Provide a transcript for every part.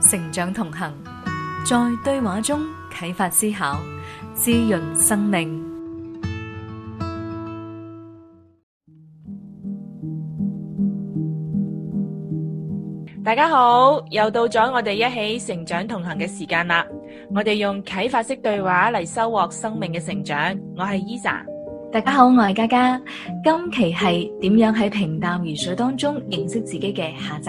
成長同行，在對話中啟發思考，滋潤生命。大家好，又到咗我哋一起成長同行嘅時間啦！我哋用啟發式對話嚟收穫生命嘅成長。我係 Elsa。大家好，我係嘉嘉。今期係點樣喺平淡如水當中認識自己嘅下集。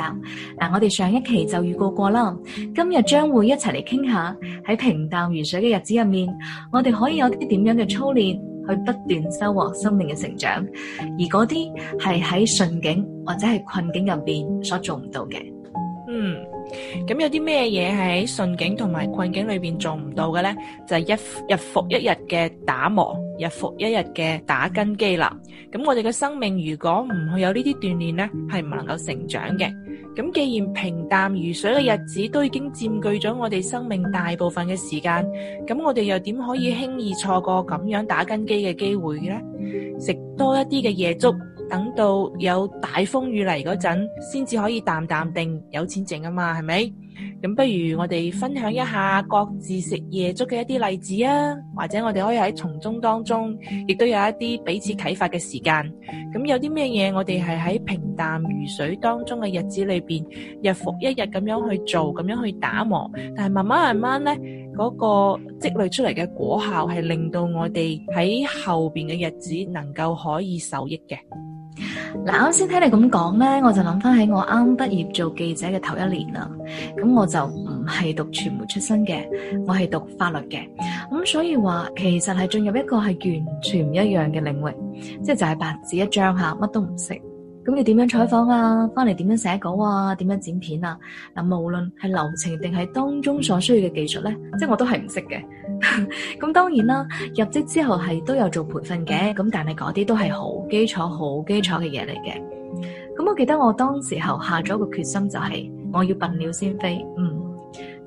啊，我哋上一期就預告過啦，今日將會一齊嚟傾下喺平淡如水嘅日子入面，我哋可以有啲點樣嘅操練去不斷收穫生命嘅成長，而嗰啲係喺順境或者係困境入面所做唔到嘅。嗯。咁有啲咩嘢喺順境同埋困境裏邊做唔到嘅呢？就係、是、一,一,一日復一日嘅打磨，日復一日嘅打根基啦。咁我哋嘅生命如果唔去有呢啲鍛煉呢，係唔能夠成長嘅。咁既然平淡如水嘅日子都已經佔據咗我哋生命大部分嘅時間，咁我哋又點可以輕易錯過咁樣打根基嘅機會呢？食多一啲嘅夜粥，等到有大風雨嚟嗰陣，先至可以淡淡定有錢剩啊嘛，係咪咁？不如我哋分享一下各自食夜粥嘅一啲例子啊，或者我哋可以喺從中當中，亦都有一啲彼此啟發嘅時間。咁有啲咩嘢我哋係喺平淡如水當中嘅日子裏邊，日復一日咁樣去做，咁樣去打磨，但係慢慢慢慢呢，嗰個積累出嚟嘅果效係令到我哋喺後邊嘅日子能夠可以受益嘅。嗱，啱先聽你咁講咧，我就諗翻喺我啱畢業做記者嘅頭一年啦。咁我就唔係讀傳媒出身嘅，我係讀法律嘅。咁所以話其實係進入一個係完全唔一樣嘅領域，即係就係白紙一張下，乜都唔識。咁你點樣採訪啊？翻嚟點樣寫稿啊？點樣剪片啊？嗱，無論係流程定係當中所需要嘅技術咧，即係我都係唔識嘅。咁 當然啦，入職之後係都有做培訓嘅，咁但係嗰啲都係好基礎、好基礎嘅嘢嚟嘅。咁我記得我當時候下咗個決心就係我要笨鳥先飛，嗯。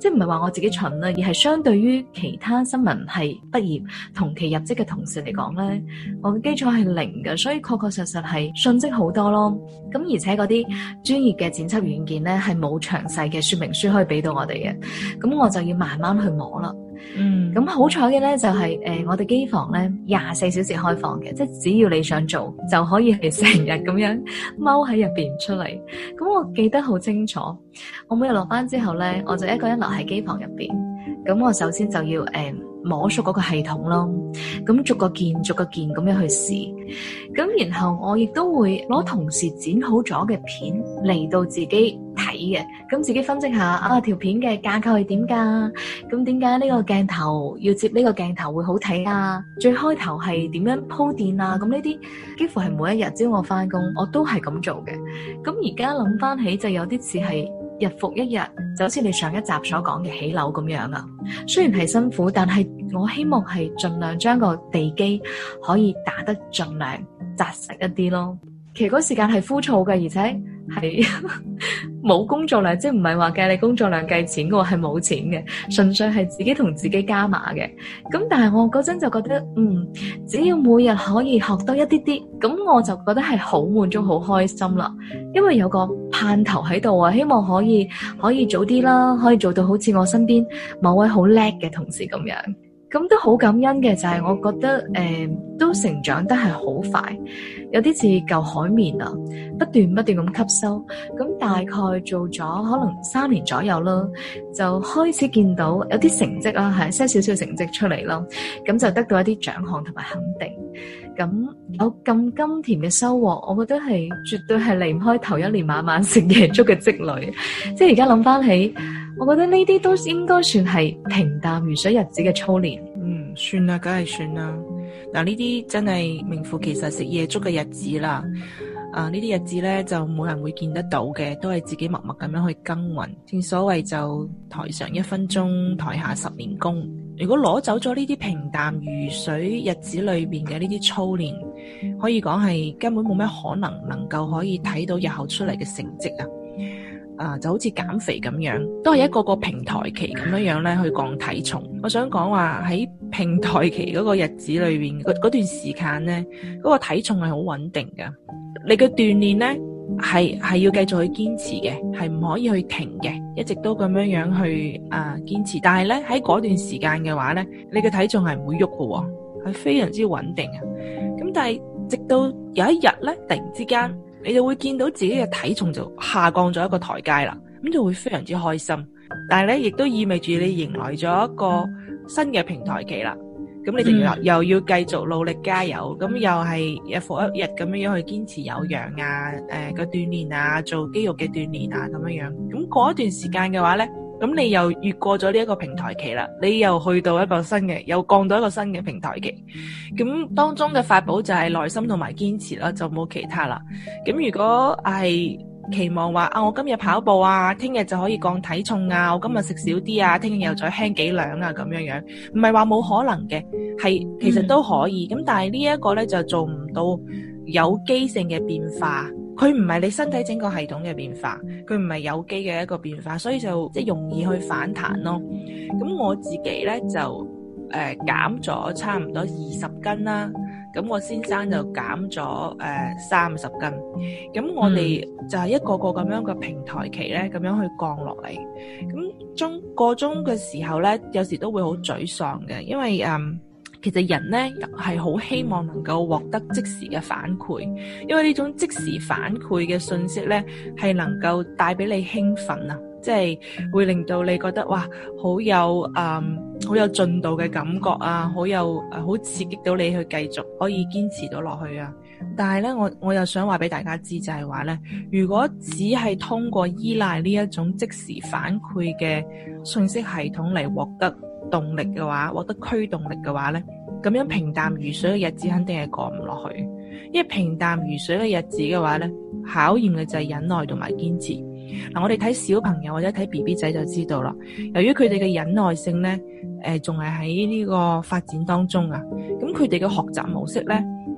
即係唔係話我自己蠢，而係相對於其他新聞系畢業同期入職嘅同事嚟講咧，我嘅基礎係零嘅，所以確確實實係遜色好多咯。咁而且嗰啲專業嘅剪輯軟件咧係冇詳細嘅說明書可以俾到我哋嘅，咁我就要慢慢去摸啦。嗯，咁好彩嘅咧就係、是，誒、呃，我哋機房咧廿四小時開放嘅，即係只要你想做，就可以係成日咁樣踎喺入邊出嚟。咁我記得好清楚，我每日落班之後咧，我就一個人留喺機房入邊。咁我首先就要，誒、呃，摸熟嗰個系統咯。咁逐個件逐個件咁樣去試。咁然後我亦都會攞同事剪好咗嘅片嚟到自己。嘅，咁自己分析下啊，條片嘅架構係點噶？咁點解呢個鏡頭要接呢個鏡頭會好睇啊？最開頭係點樣鋪墊啊？咁呢啲幾乎係每一日朝我翻工，我都係咁做嘅。咁而家諗翻起，就有啲似係日復一日，就好似你上一集所講嘅起樓咁樣啦。雖然係辛苦，但係我希望係盡量將個地基可以打得盡量紮實一啲咯。其實嗰時間係枯燥嘅，而且。係冇 工作量，即係唔係話計你工作量計錢我係冇錢嘅，純粹係自己同自己加碼嘅。咁但係我嗰陣就覺得，嗯，只要每日可以學多一啲啲，咁我就覺得係好滿足、好開心啦。因為有個盼頭喺度啊，希望可以可以早啲啦，可以做到好似我身邊某位好叻嘅同事咁樣，咁都好感恩嘅。就係、是、我覺得誒。呃都成長得係好快，有啲似舊海綿啊，不斷不斷咁吸收，咁大概做咗可能三年左右咯，就開始見到有啲成績啦，係些少少成績出嚟咯，咁就得到一啲獎項同埋肯定，咁有咁甘甜嘅收穫，我覺得係絕對係離唔開頭一年晚晚食夜粥嘅積累，即係而家諗翻起，我覺得呢啲都應該算係平淡如水日子嘅操練。嗯，算啦，梗係算啦。嗱，呢啲真係名副其實食夜粥嘅日子啦，啊呢啲日子呢，就冇人會見得到嘅，都係自己默默咁樣去耕耘。正所謂就台上一分鐘，台下十年功。如果攞走咗呢啲平淡如水日子裏邊嘅呢啲操練，可以講係根本冇咩可能能夠可以睇到日後出嚟嘅成績啊！啊就好似減肥咁樣，都係一個個平台期咁樣樣咧去降體重。我想講話喺。平台期嗰個日子裏邊，嗰段時間呢，嗰、嗰個體重係好穩定噶。你嘅鍛煉呢，係係要繼續去堅持嘅，係唔可以去停嘅，一直都咁樣樣去啊、呃、堅持。但係呢，喺嗰段時間嘅話呢，你嘅體重係唔會喐噶、喎，係非常之穩定啊。咁但係直到有一日呢，突然之間，你就會見到自己嘅體重就下降咗一個台階啦，咁就會非常之開心。但係咧，亦都意味住你迎來咗一個。新嘅平台期啦，咁你就要、嗯、又要繼續努力加油，咁又係日復一日咁樣樣去堅持有氧啊，誒、呃、個鍛煉啊，做肌肉嘅鍛煉啊咁樣樣。咁過一段時間嘅話咧，咁你又越過咗呢一個平台期啦，你又去到一個新嘅，又降到一個新嘅平台期。咁當中嘅法寶就係耐心同埋堅持啦，就冇其他啦。咁如果係。期望話啊，我今日跑步啊，聽日就可以降體重啊，我今日食少啲啊，聽日又再輕幾兩啊，咁樣樣，唔係話冇可能嘅，係其實都可以。咁、嗯、但係呢一個呢，就做唔到有機性嘅變化，佢唔係你身體整個系統嘅變化，佢唔係有機嘅一個變化，所以就即容易去反彈咯。咁我自己呢，就誒減咗差唔多二十斤啦。咁我先生就減咗誒三十斤，咁我哋就係一個個咁樣嘅平台期咧，咁樣去降落嚟。咁、那、中個中嘅時，時候咧，有時都會好沮喪嘅，因為誒、嗯、其實人咧係好希望能夠獲得即時嘅反饋，因為呢種即時反饋嘅信息咧係能夠帶俾你興奮啊！即係會令到你覺得哇，好有誒、嗯，好有進度嘅感覺啊，好有好刺激到你去繼續可以堅持到落去啊！但係呢，我我又想話俾大家知，就係話呢，如果只係通過依賴呢一種即時反饋嘅信息系統嚟獲得動力嘅話，獲得驅動力嘅話呢，咁樣平淡如水嘅日子肯定係過唔落去。因為平淡如水嘅日子嘅話呢，考驗嘅就係忍耐同埋堅持。嗱、嗯，我哋睇小朋友或者睇 BB 仔就知道啦。由於佢哋嘅忍耐性呢，誒、呃，仲係喺呢個發展當中啊。咁佢哋嘅學習模式呢，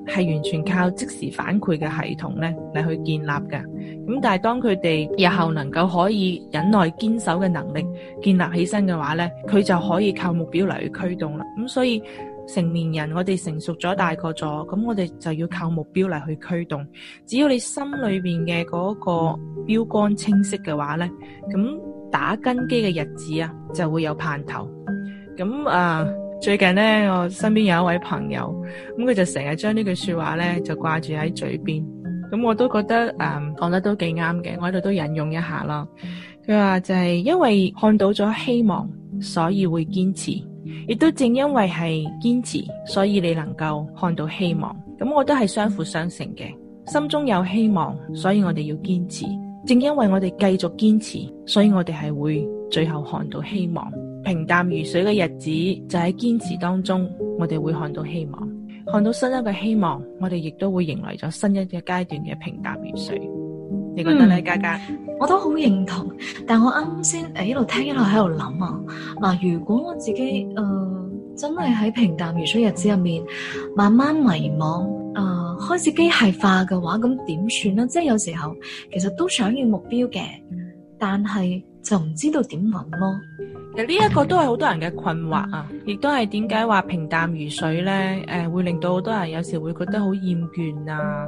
係完全靠即時反饋嘅系統呢嚟去建立嘅。咁但係當佢哋日後能夠可以忍耐堅守嘅能力建立起身嘅話呢，佢就可以靠目標嚟去驅動啦。咁、嗯、所以，成年人，我哋成熟咗，大個咗，咁我哋就要靠目標嚟去驅動。只要你心裏邊嘅嗰個標杆清晰嘅話咧，咁打根基嘅日子啊，就會有盼頭。咁啊、呃，最近咧，我身邊有一位朋友，咁佢就成日將呢句說話咧，就掛住喺嘴邊。咁我都覺得誒、呃，講得都幾啱嘅，我喺度都引用一下啦。佢話就係因為看到咗希望，所以會堅持。亦都正因為係堅持，所以你能夠看到希望。咁我都係相輔相成嘅，心中有希望，所以我哋要堅持。正因為我哋繼續堅持，所以我哋係會最後看到希望。平淡如水嘅日子，就喺堅持當中，我哋會看到希望，看到新一個希望，我哋亦都會迎來咗新一個階段嘅平淡如水。你覺得呢？家家、嗯、我都好認同，但我啱先誒一路聽一路喺度諗啊！嗱，如果我自己誒、呃、真係喺平淡如水日子入面，慢慢迷茫啊、呃，開始機械化嘅話，咁點算咧？即係有時候其實都想要目標嘅，但係就唔知道點揾咯。其實呢一個都係好多人嘅困惑啊，亦都係點解話平淡如水咧？誒、呃，會令到好多人有時會覺得好厭倦啊！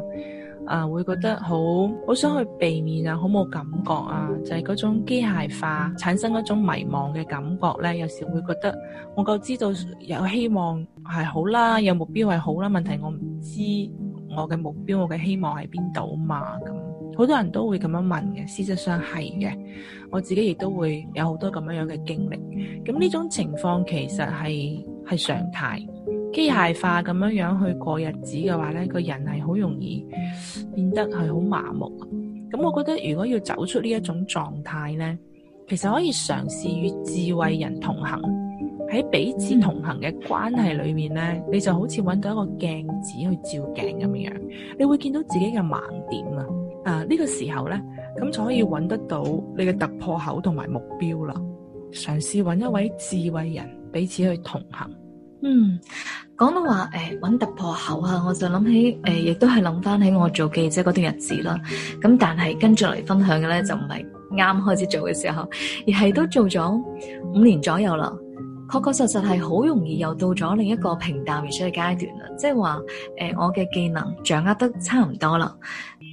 啊，會覺得好好想去避免啊，好冇感覺啊，就係、是、嗰種機械化產生嗰種迷茫嘅感覺呢。有時會覺得我夠知道有希望係好啦，有目標係好啦。問題我唔知我嘅目標，我嘅希望喺邊度嘛？咁、嗯、好多人都會咁樣問嘅，事實上係嘅。我自己亦都會有好多咁樣樣嘅經歷。咁、嗯、呢種情況其實係係常態。機械化咁樣樣去過日子嘅話，呢個人係好容易變得係好麻木。咁我覺得如果要走出呢一種狀態呢，其實可以嘗試與智慧人同行。喺彼此同行嘅關係裏面呢，你就好似揾到一個鏡子去照鏡咁樣，你會見到自己嘅盲點啊！啊，呢個時候呢，咁就可以揾得到你嘅突破口同埋目標啦。嘗試揾一位智慧人彼此去同行。嗯，講到話誒，搵突破口啊，我就諗起誒，亦都係諗翻起我做記者嗰段日子啦。咁但係跟住嚟，分享嘅咧，就唔係啱開始做嘅時候，而係都做咗五年左右啦。確確實實係好容易又到咗另一個平淡如水嘅階段啦。即係話誒，我嘅技能掌握得差唔多啦。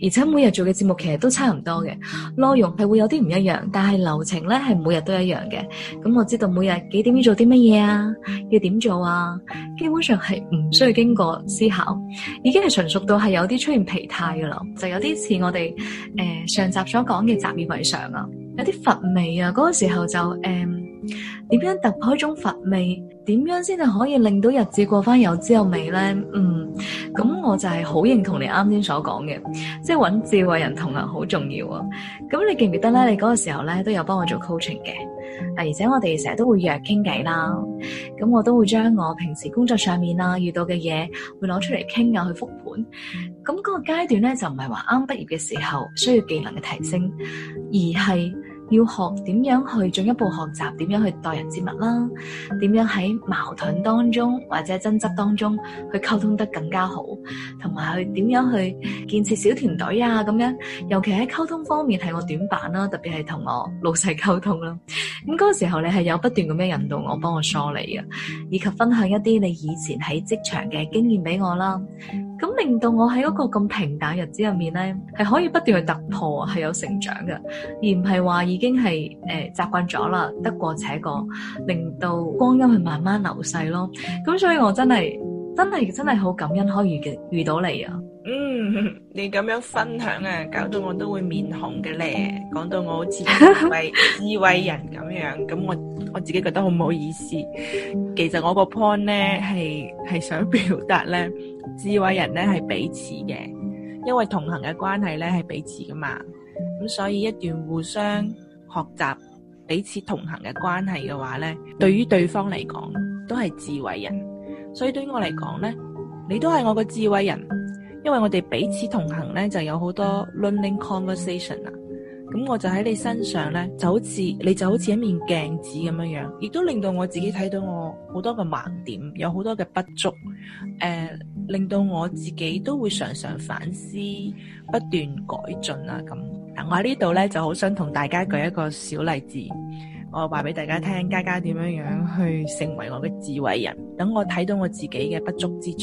而且每日做嘅節目其實都差唔多嘅，內容係會有啲唔一樣，但係流程呢係每日都一樣嘅。咁、嗯、我知道每日幾點要做啲乜嘢啊，要點做啊，基本上係唔需要經過思考，已經係純熟到係有啲出現疲態㗎喇，就有啲似我哋、呃、上集所講嘅習以為常啊，有啲乏味啊，嗰個時候就誒、呃、點樣突破一種乏味。點樣先至可以令到日子過翻有滋有味咧？嗯，咁我就係好認同你啱先所講嘅，即係揾智慧人同行好重要啊！咁你記唔記得咧？你嗰個時候咧都有幫我做 coaching 嘅，啊，而且我哋成日都會約傾偈啦。咁我都會將我平時工作上面啊遇到嘅嘢，會攞出嚟傾啊，去復盤。咁嗰個階段咧就唔係話啱畢業嘅時候需要技能嘅提升，而係。要學點樣去進一步學習，點樣去待人接物啦，點樣喺矛盾當中或者爭執當中去溝通得更加好，同埋去點樣去建設小團隊啊，咁樣尤其喺溝通方面係我短板啦，特別係同我老細溝通啦。咁嗰個時候你係有不斷咁樣引導我，幫我梳理啊，以及分享一啲你以前喺職場嘅經驗俾我啦。咁令到我喺嗰個咁平淡日子入面咧，係可以不斷去突破，係有成長嘅，而唔係話已經係誒習慣咗啦，得過且過，令到光陰去慢慢流逝咯。咁所以我真係～真係真係好感恩可，可遇嘅遇到你啊！嗯，你咁樣分享啊，搞到我都會面紅嘅咧。講到我好似為智, 智慧人咁樣，咁我我自己覺得好唔好意思。其實我個 point 咧係係想表達咧，智慧人咧係彼此嘅，因為同行嘅關係咧係彼此噶嘛。咁所以一段互相學習、彼此同行嘅關係嘅話咧，對於對方嚟講都係智慧人。所以對於我嚟講呢，你都係我個智慧人，因為我哋彼此同行呢就有好多 learning conversation 啦。咁我就喺你身上呢，就好似你就好似一面鏡子咁樣樣，亦都令到我自己睇到我好多嘅盲點，有好多嘅不足。誒、呃，令到我自己都會常常反思，不斷改進啊，咁，我喺呢度呢，就好想同大家舉一個小例子。我話俾大家聽，佳佳點樣樣去成為我嘅智慧人，等我睇到我自己嘅不足之處。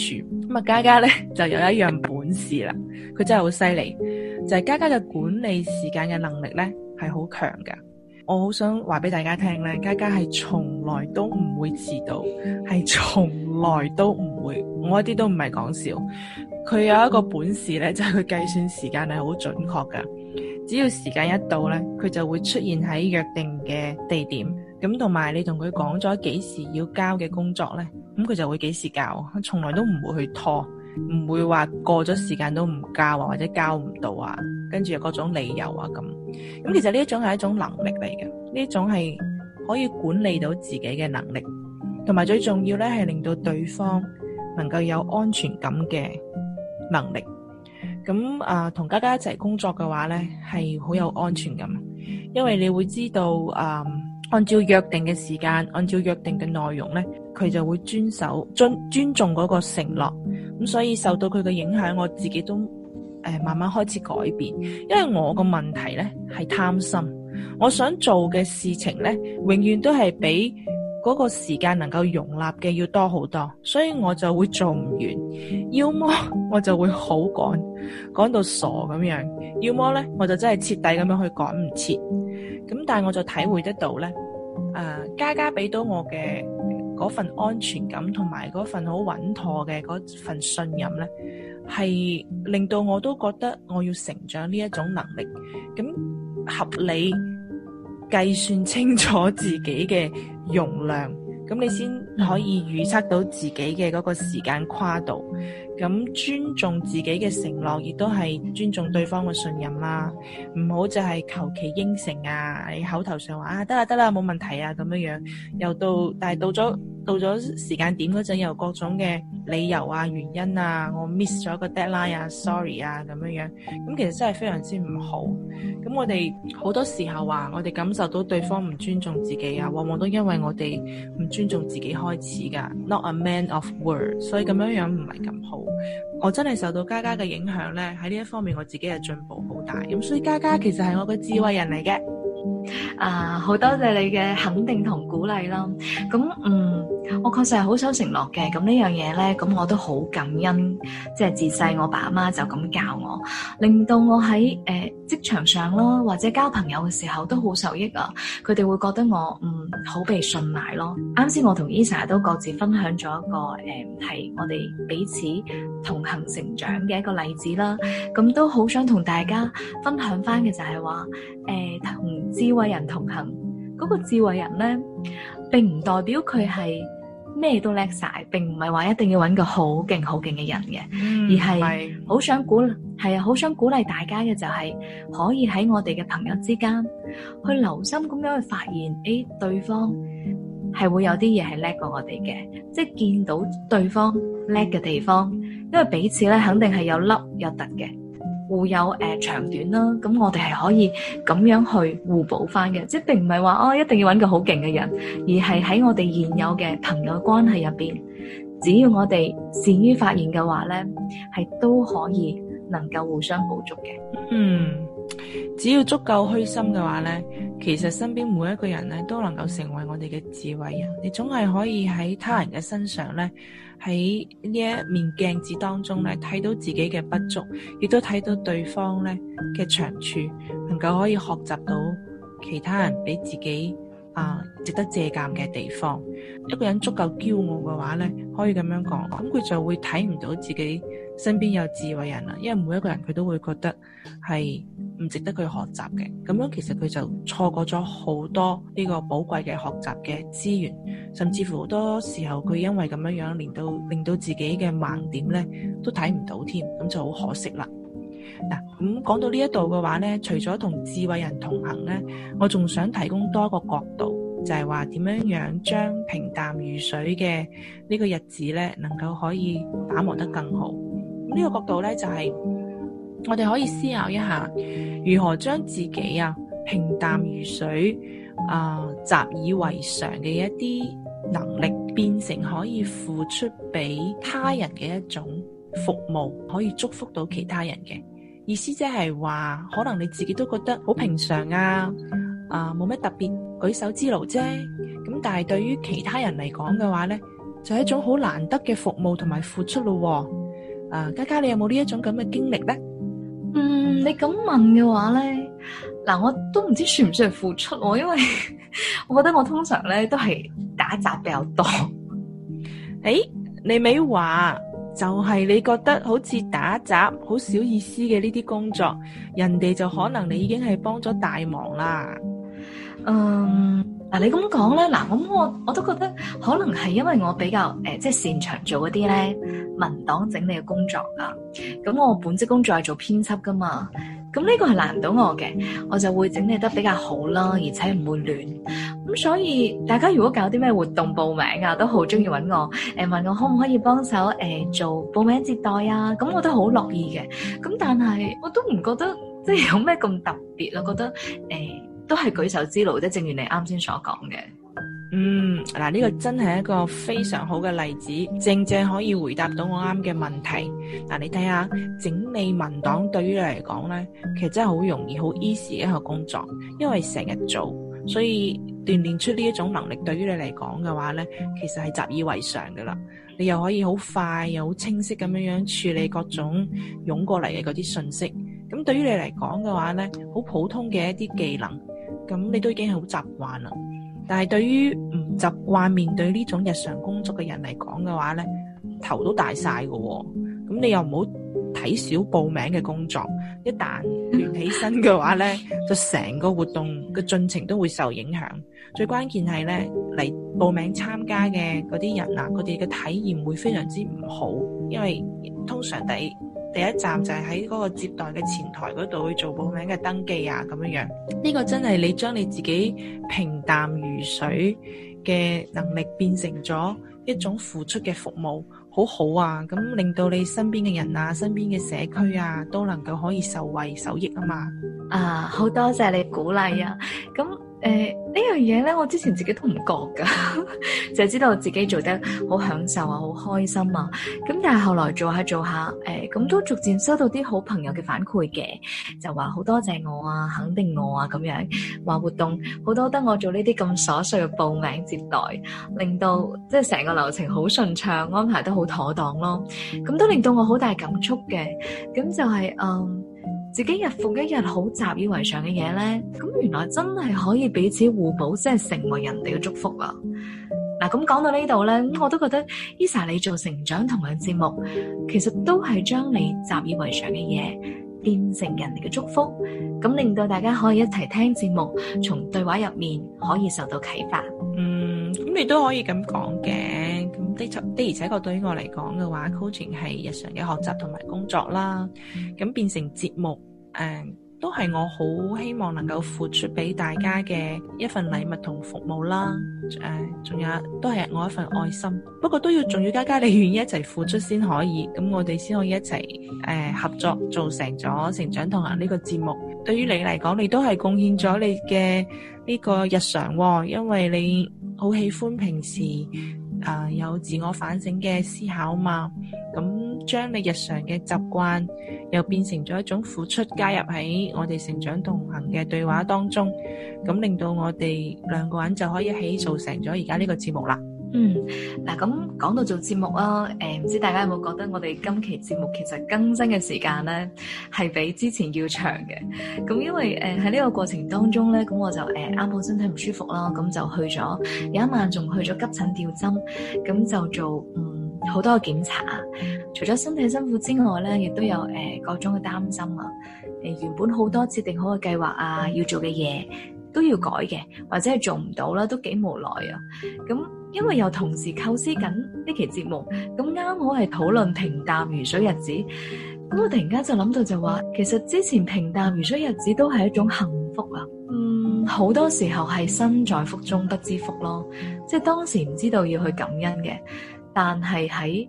咁啊，佳佳呢就有一樣本事啦，佢真係好犀利，就係、是、佳佳嘅管理時間嘅能力呢係好強噶。我好想話俾大家聽呢，佳佳係從來都唔會遲到，係從來都唔會，我一啲都唔係講笑。佢有一個本事呢，就係、是、佢計算時間係好準確噶。只要時間一到呢，佢就會出現喺約定嘅地點。咁同埋你同佢講咗幾時要交嘅工作呢，咁佢就會幾時交，從來都唔會去拖，唔會話過咗時間都唔交啊，或者交唔到啊，跟住有各種理由啊咁。咁其實呢一種係一種能力嚟嘅，呢一種係可以管理到自己嘅能力，同埋最重要呢，係令到對方能夠有安全感嘅能力。咁啊，同、嗯、家家一齊工作嘅話呢，係好有安全感，因為你會知道啊、嗯，按照約定嘅時間，按照約定嘅內容呢，佢就會遵守尊尊重嗰個承諾。咁、嗯、所以受到佢嘅影響，我自己都誒、呃、慢慢開始改變，因為我個問題呢係貪心，我想做嘅事情呢，永遠都係比，嗰個時間能夠容納嘅要多好多，所以我就會做唔完，要麼我就會好趕趕到傻咁樣，要麼呢，我就真係徹底咁樣去趕唔切。咁但係我就體會得到呢啊、呃，家家俾到我嘅嗰份安全感同埋嗰份好穩妥嘅嗰份信任呢，係令到我都覺得我要成長呢一種能力，咁合理計算清楚自己嘅。容量。咁你先可以預測到自己嘅嗰個時間跨度，咁尊重自己嘅承諾，亦都係尊重對方嘅信任啦、啊。唔好就係求其應承啊！你口頭上話啊，得啦得啦，冇問題啊，咁樣樣，又到，但係到咗。到咗時間點嗰陣，有各種嘅理由啊、原因啊，我 miss 咗個 deadline 啊、sorry 啊咁樣樣，咁其實真係非常之唔好。咁我哋好多時候話，我哋感受到對方唔尊重自己啊，往往都因為我哋唔尊重自己開始噶。Not a man of word，所以咁樣樣唔係咁好。我真係受到嘉嘉嘅影響咧，喺呢一方面我自己係進步好大。咁所以嘉嘉其實係我個智慧人嚟嘅。啊，好、uh, 多謝你嘅肯定同鼓勵啦，咁嗯。我確實係好守承諾嘅，咁呢樣嘢呢，咁我都好感恩，即係自細我爸阿媽就咁教我，令到我喺誒、呃、職場上啦，或者交朋友嘅時候都好受益啊。佢哋會覺得我嗯好被信賴咯。啱先我同 Esa 都各自分享咗一個誒係、呃、我哋彼此同行成長嘅一個例子啦，咁都好想同大家分享翻嘅就係話，誒、呃、同智慧人同行嗰、那個智慧人呢。並唔代表佢係咩都叻晒，並唔係話一定要揾個好勁、好勁嘅人嘅，而係好想鼓係啊，好想鼓勵大家嘅就係可以喺我哋嘅朋友之間去留心咁樣去發現，誒，對方係會有啲嘢係叻過我哋嘅，即係見到對方叻嘅地方，因為彼此咧肯定係有凹有凸嘅。互有誒、呃、長短啦，咁我哋係可以咁樣去互補翻嘅，即係並唔係話哦一定要搵個好勁嘅人，而係喺我哋現有嘅朋友關係入邊，只要我哋善於發現嘅話咧，係都可以能夠互相補足嘅。嗯。只要足夠虛心嘅話呢，其實身邊每一個人呢，都能夠成為我哋嘅智慧人。你總係可以喺他人嘅身上呢，喺呢一面鏡子當中咧睇,到自己嘅不足，亦都睇到對方呢嘅長處，能夠可以學習到其他人俾自己啊值得借鑒嘅地方。一個人足夠驕傲嘅話呢，可以咁樣講，咁佢就會睇唔到自己身邊有智慧人啦。因為每一個人佢都會覺得係。唔值得佢學習嘅，咁樣其實佢就錯過咗好多呢個寶貴嘅學習嘅資源，甚至乎好多時候佢因為咁樣樣，連到令到自己嘅盲點咧都睇唔到添，咁就好可惜啦。嗱、嗯，咁講到呢一度嘅話咧，除咗同智慧人同行咧，我仲想提供多個角度，就係話點樣樣將平淡如水嘅呢個日子咧，能夠可以打磨得更好。咁、這、呢個角度咧就係、是。我哋可以思考一下，如何將自己啊平淡如水啊習以為常嘅一啲能力，變成可以付出俾他人嘅一種服務，可以祝福到其他人嘅意思，即係話可能你自己都覺得好平常啊，啊冇乜特別舉手之勞啫。咁但係對於其他人嚟講嘅話呢，就係一種好難得嘅服務同埋付出咯，啊。啊，嘉嘉，你有冇呢一種咁嘅經歷呢？嗯，你咁問嘅話咧，嗱，我都唔知算唔算係付出，因為 我覺得我通常咧都係打雜比較多。誒、欸，你咪話就係、是、你覺得好似打雜好小意思嘅呢啲工作，人哋就可能你已經係幫咗大忙啦。嗯。嗱，你咁講咧，嗱，咁我我都覺得可能係因為我比較誒、呃、即係擅長做嗰啲咧文檔整理嘅工作啦。咁我本職工作係做編輯噶嘛，咁呢個係難唔到我嘅，我就會整理得比較好啦，而且唔會亂。咁所以大家如果搞啲咩活動報名啊，都好鍾意揾我誒、呃、問我可唔可以幫手誒、呃、做報名接待啊，咁我都好樂意嘅。咁但係我都唔覺得即係有咩咁特別咯，覺得誒。呃都係舉手之勞啫，正如你啱先所講嘅。嗯，嗱、這、呢個真係一個非常好嘅例子，正正可以回答到我啱嘅問題。嗱、啊，你睇下整理文檔對於你嚟講咧，其實真係好容易，好 easy 嘅一個工作，因為成日做，所以鍛煉出呢一種能力。對於你嚟講嘅話咧，其實係習以為常噶啦。你又可以好快又好清晰咁樣樣處理各種湧過嚟嘅嗰啲信息。咁對於你嚟講嘅話咧，好普通嘅一啲技能。咁你都已經係好習慣啦，但係對於唔習慣面對呢種日常工作嘅人嚟講嘅話呢，頭都大晒嘅喎。咁你又唔好睇少報名嘅工作，一旦亂起身嘅話呢 就成個活動嘅進程都會受影響。最關鍵係呢，嚟報名參加嘅嗰啲人啊，佢哋嘅體驗會非常之唔好，因為通常第，第一站就係喺嗰個接待嘅前台嗰度去做報名嘅登記啊，咁樣樣呢個真係你將你自己平淡如水嘅能力變成咗一種付出嘅服務，好好啊！咁令到你身邊嘅人啊、身邊嘅社區啊，都能夠可以受惠受益啊嘛！啊，好多謝你鼓勵啊！咁。誒，呃、呢樣嘢咧，我之前自己都唔覺噶， 就知道自己做得好享受啊，好開心啊。咁但係後來做下做下，誒、呃，咁都逐漸收到啲好朋友嘅反饋嘅，就話好多謝我啊，肯定我啊，咁樣話活動好多得我做呢啲咁瑣碎嘅報名接待，令到即係成個流程好順暢，安排得好妥當咯。咁都令到我好大感觸嘅，咁就係、是、嗯。呃自己日復一日好習以為常嘅嘢咧，咁原來真係可以彼此互補，即係成為人哋嘅祝福啊。嗱，咁講到呢度咧，我都覺得 Elsa 你做成長同行節目，其實都係將你習以為常嘅嘢變成人哋嘅祝福，咁令到大家可以一齊聽節目，從對話入面可以受到啟發。嗯。都可以咁講嘅，咁的的而且確對於我嚟講嘅話 ，Coaching 係日常嘅學習同埋工作啦。咁 變成節目，誒、呃，都係我好希望能夠付出俾大家嘅一份禮物同服務啦。誒、呃，仲有都係我一份愛心。不過都要仲要加加你願意一齊付出先可以，咁我哋先可以一齊誒、呃、合作做成咗成長同行呢個節目。對於你嚟講，你都係貢獻咗你嘅呢個日常，因為你。好喜歡平時啊，呃，有自我反省嘅思考嘛，咁將你日常嘅習慣又變成咗一種付出，加入喺我哋成長同行嘅對話當中，咁令到我哋兩個人就可以一起做成咗而家呢個節目啦。嗯，嗱咁講到做節目啦，誒、呃，唔知大家有冇覺得我哋今期節目其實更新嘅時間咧，係比之前要長嘅。咁因為誒喺呢個過程當中咧，咁我就誒啱好身體唔舒服啦，咁就去咗有一晚仲去咗急診吊針，咁就做嗯好多嘅檢查。除咗身體辛苦之外咧，亦都有誒、呃、各種嘅擔心啊。誒、呃，原本好多設定好嘅計劃啊，要做嘅嘢。都要改嘅，或者係做唔到啦，都幾無奈啊。咁因為又同時構思緊呢期節目，咁啱好係討論平淡如水日子。咁我突然間就諗到就話，其實之前平淡如水日子都係一種幸福啊。嗯，好多時候係身在福中不知福咯，即係當時唔知道要去感恩嘅，但係喺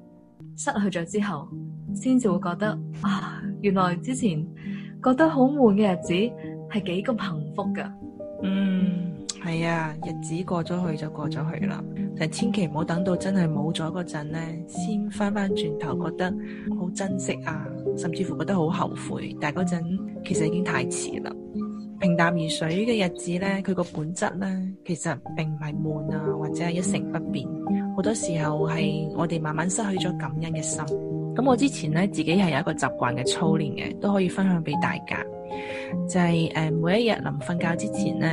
失去咗之後，先至會覺得啊，原來之前覺得好悶嘅日子係幾咁幸福㗎。嗯，係啊，日子過咗去就過咗去啦，但千祈唔好等到真係冇咗嗰陣呢，先翻翻轉頭覺得好珍惜啊，甚至乎覺得好後悔，但係嗰陣其實已經太遲啦。平淡如水嘅日子呢，佢個本質呢，其實並唔係悶啊，或者係一成不變，好多時候係我哋慢慢失去咗感恩嘅心。咁我之前呢，自己係有一個習慣嘅操練嘅，都可以分享俾大家。就係誒，每一日臨瞓覺之前呢，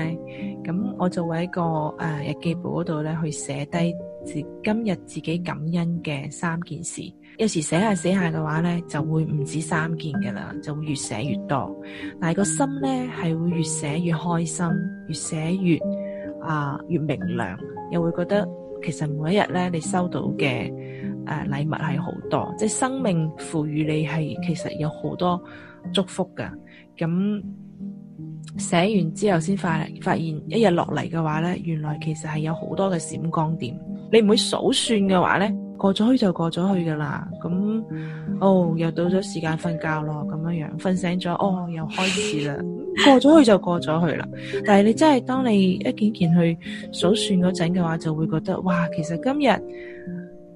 咁我就會喺個誒日記簿嗰度咧，去寫低自今日自己感恩嘅三件事。有時寫下寫下嘅話咧，就會唔止三件噶啦，就會越寫越多。但係個心咧係會越寫越開心，越寫越啊越明亮，又會覺得其實每一日咧，你收到嘅誒禮物係好多，即係生命賦予你係其實有好多祝福噶。咁寫完之後先發發現，一日落嚟嘅話呢，原來其實係有好多嘅閃光點。你唔會數算嘅話呢，過咗去就過咗去噶啦。咁哦，又到咗時間瞓覺咯，咁樣樣瞓醒咗，哦又開始啦。 過咗去就過咗去啦。但係你真係當你一件件去數算嗰陣嘅話，就會覺得哇，其實今日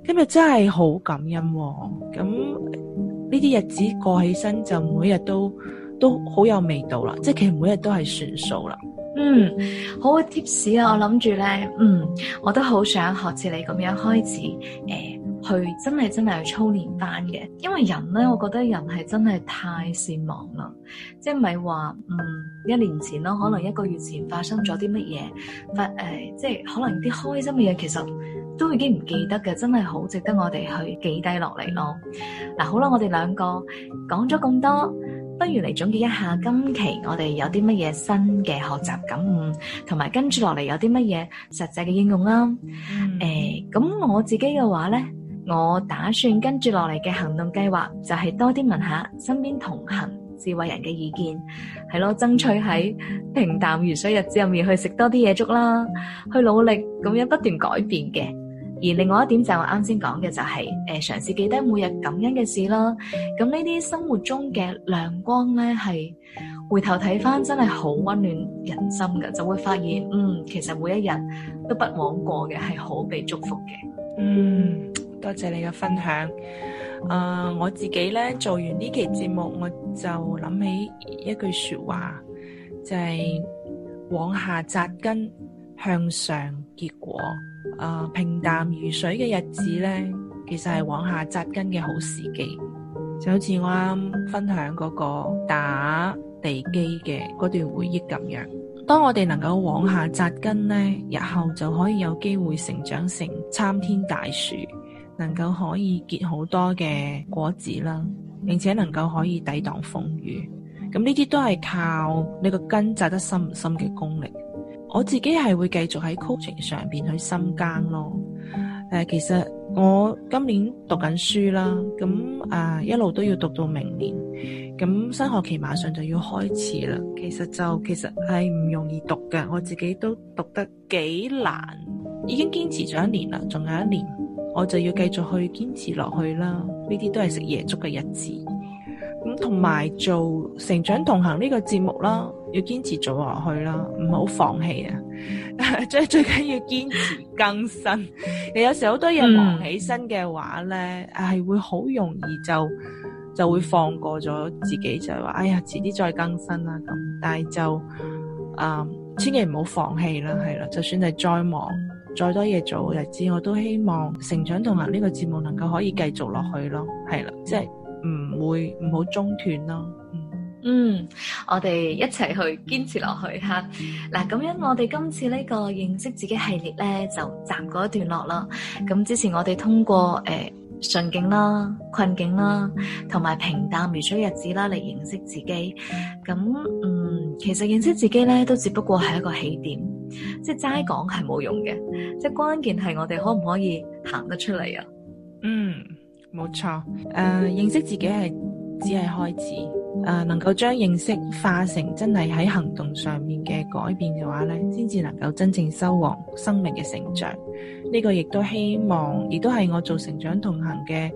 今日真係好感恩、哦。咁呢啲日子過起身就每日都，都好有味道啦，即係其實每日都係算數啦。嗯，好嘅 tips 啊，我諗住咧，嗯，我都好想學似你咁樣開始，誒、呃，去真係真係去操練翻嘅。因為人咧，我覺得人係真係太善忘啦，即係唔係話，嗯，一年前咯，可能一個月前發生咗啲乜嘢，發誒、呃，即係可能啲開心嘅嘢，其實都已經唔記得嘅，真係好值得我哋去記低落嚟咯。嗱、啊，好啦，我哋兩個講咗咁多。不如嚟總結一下今期我哋有啲乜嘢新嘅學習感悟，同埋跟住落嚟有啲乜嘢實際嘅應用啦、啊。誒、嗯，欸、咁我自己嘅話呢，我打算跟住落嚟嘅行動計劃就係多啲問下身邊同行智慧人嘅意見，係咯，爭取喺平淡如水日子入面去食多啲嘢粥啦，去努力咁樣不斷改變嘅。而另外一點就係我啱先講嘅就係、是、誒、呃、嘗試記得每日感恩嘅事啦，咁呢啲生活中嘅亮光咧係回頭睇返真係好溫暖人心嘅，就會發現嗯，其實每一日都不枉過嘅係好被祝福嘅。嗯，多謝你嘅分享。誒、呃，我自己咧做完呢期節目，我就諗起一句說話，就係、是、往下扎根。向上結果，誒、呃、平淡如水嘅日子呢，其實係往下扎根嘅好時機。就好似我啱分享嗰個打地基嘅嗰段回憶咁樣，當我哋能夠往下扎根呢，日後就可以有機會成長成參天大樹，能夠可以結好多嘅果子啦，並且能夠可以抵擋風雨。咁呢啲都係靠你個根扎得深唔深嘅功力。我自己係會繼續喺 coaching 上邊去深耕咯。誒、呃，其實我今年讀緊書啦，咁啊一路都要讀到明年，咁新學期馬上就要開始啦。其實就其實係唔容易讀嘅，我自己都讀得幾難，已經堅持咗一年啦，仲有一年我就要繼續去堅持落去啦。呢啲都係食夜粥嘅日子，咁同埋做成長同行呢個節目啦。要堅持做落去啦，唔好放棄啊！ 最最緊要堅持更新。 你有時好多嘢，忙起身嘅話咧，係、嗯、會好容易就就會放過咗自己，就係、是、話哎呀遲啲再更新啦咁。但係就啊、嗯，千祈唔好放棄啦，係啦。就算係再忙，再多嘢做嘅日子，我都希望成長同行呢個節目能夠可以繼續落去咯，係啦，即係唔會唔好中斷咯。嗯，我哋一齊去堅持落去哈。嗱、啊，咁樣我哋今次呢個認識自己系列呢，就暫過一段落啦。咁、嗯、之前我哋通過誒呃、順境啦、困境啦，同埋平淡如水日子啦嚟認識自己。咁嗯，嗯，其實認識自己呢，都只不過係一個起點，即係齋講係冇用嘅。即係關鍵係我哋可唔可以行得出嚟啊？嗯，冇錯。誒、呃、嗯、認識自己係只係開始。誒，能夠將認識化成真係喺行動上面嘅改變嘅話咧，先至能夠真正收穫生命嘅成長。呢個亦都希望，亦都係我做成長同行嘅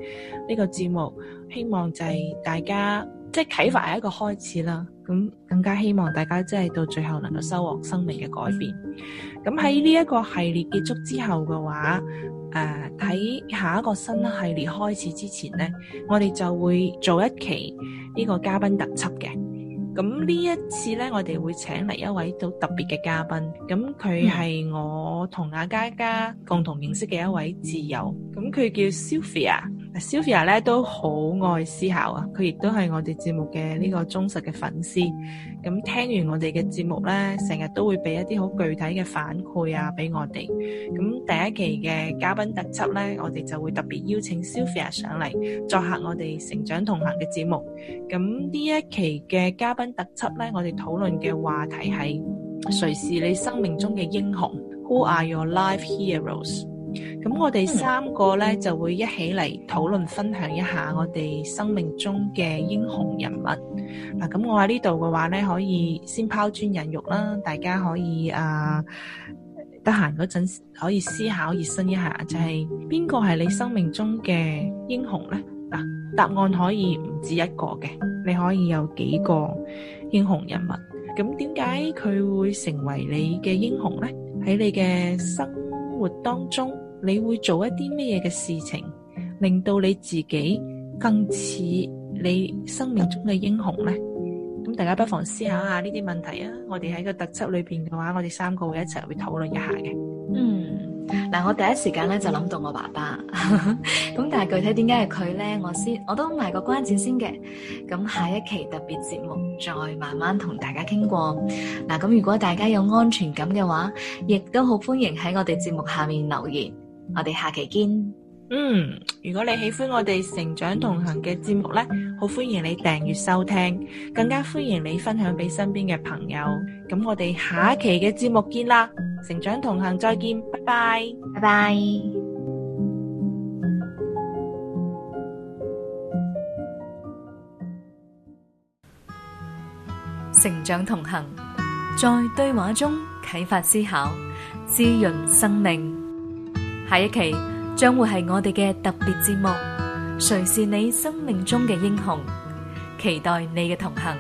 呢個節目，希望就係大家。即係啟發係一個開始啦，咁更加希望大家真係到最後能夠收穫生命嘅改變。咁喺呢一個系列結束之後嘅話，誒、呃、喺下一個新系列開始之前呢，我哋就會做一期呢個嘉賓特輯嘅。咁呢一次呢，我哋會請嚟一位都特別嘅嘉賓，咁佢係我同阿嘉嘉共同認識嘅一位摯友，咁佢叫 Sophia。Sofia 咧都好愛思考啊，佢亦都係我哋節目嘅呢個忠實嘅粉絲。咁聽完我哋嘅節目咧，成日都會俾一啲好具體嘅反饋啊，俾我哋。咁第一期嘅嘉賓特輯咧，我哋就會特別邀請 Sofia 上嚟，作客我哋成長同行嘅節目。咁呢一期嘅嘉賓特輯咧，我哋討論嘅話題係誰是你生命中嘅英雄？Who are your life heroes？咁我哋三個呢就會一起嚟討論分享一下我哋生命中嘅英雄人物。嗱，咁我喺呢度嘅話呢，可以先拋磚引玉啦，大家可以啊，得閒嗰陣可以思考熱身一下，就係邊個係你生命中嘅英雄呢？嗱，答案可以唔止一個嘅，你可以有幾個英雄人物。咁點解佢會成為你嘅英雄呢？喺你嘅生。活當中你會做一啲咩嘢嘅事情，令到你自己更似你生命中嘅英雄呢？咁大家不妨思考下呢啲問題啊！我哋喺個特輯裏邊嘅話，我哋三個會一齊會討論一下嘅。嗯。嗱，我第一時間咧就諗到我爸爸，咁 但係具體點解係佢咧，我先我都賣個關子先嘅，咁下一期特別節目再慢慢同大家傾過。嗱，咁如果大家有安全感嘅話，亦都好歡迎喺我哋節目下面留言，我哋下期見。嗯，如果你喜歡我哋成長同行嘅節目呢，好歡迎你訂閱收聽，更加歡迎你分享俾身邊嘅朋友。咁我哋下一期嘅節目見啦，成長同行再見，拜拜，拜拜。成長同行，在對話中啟發思考，滋潤生命。下一期，將會係我哋嘅特別節目，誰是你生命中嘅英雄，期待你嘅同行。